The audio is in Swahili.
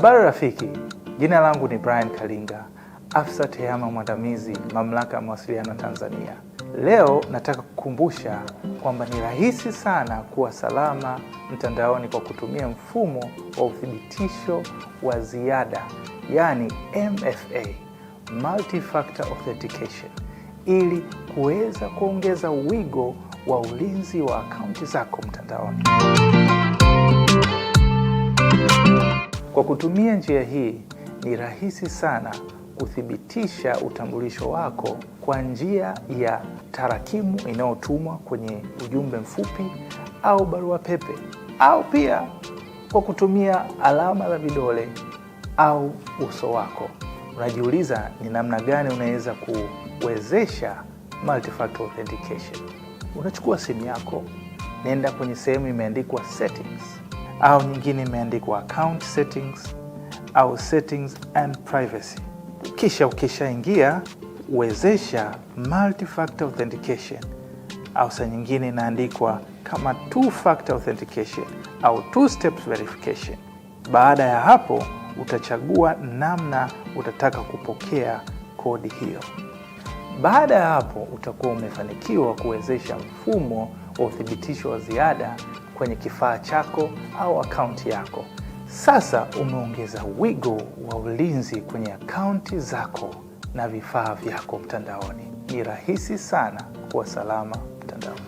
Habari rafiki, jina langu ni Brian Kalinga, afisa tehama mwandamizi mamlaka ya mawasiliano Tanzania. Leo nataka kukumbusha kwamba ni rahisi sana kuwa salama mtandaoni kwa kutumia mfumo wa uthibitisho wa ziada, yaani MFA, multi-factor authentication, ili kuweza kuongeza wigo wa ulinzi wa akaunti zako mtandaoni. Kwa kutumia njia hii ni rahisi sana kuthibitisha utambulisho wako kwa njia ya tarakimu inayotumwa kwenye ujumbe mfupi au barua pepe, au pia kwa kutumia alama za vidole au uso wako. Unajiuliza ni namna gani unaweza kuwezesha multi-factor authentication? Unachukua simu yako, nenda kwenye sehemu imeandikwa settings au nyingine imeandikwa account settings au settings and privacy. Kisha ukishaingia wezesha multi-factor authentication au saa nyingine inaandikwa kama two factor authentication au two steps verification. Baada ya hapo utachagua namna utataka kupokea kodi hiyo. Baada ya hapo utakuwa umefanikiwa kuwezesha mfumo wa uthibitisho wa ziada kwenye kifaa chako au akaunti yako. Sasa umeongeza wigo wa ulinzi kwenye akaunti zako na vifaa vyako mtandaoni. Ni rahisi sana kuwa salama mtandaoni.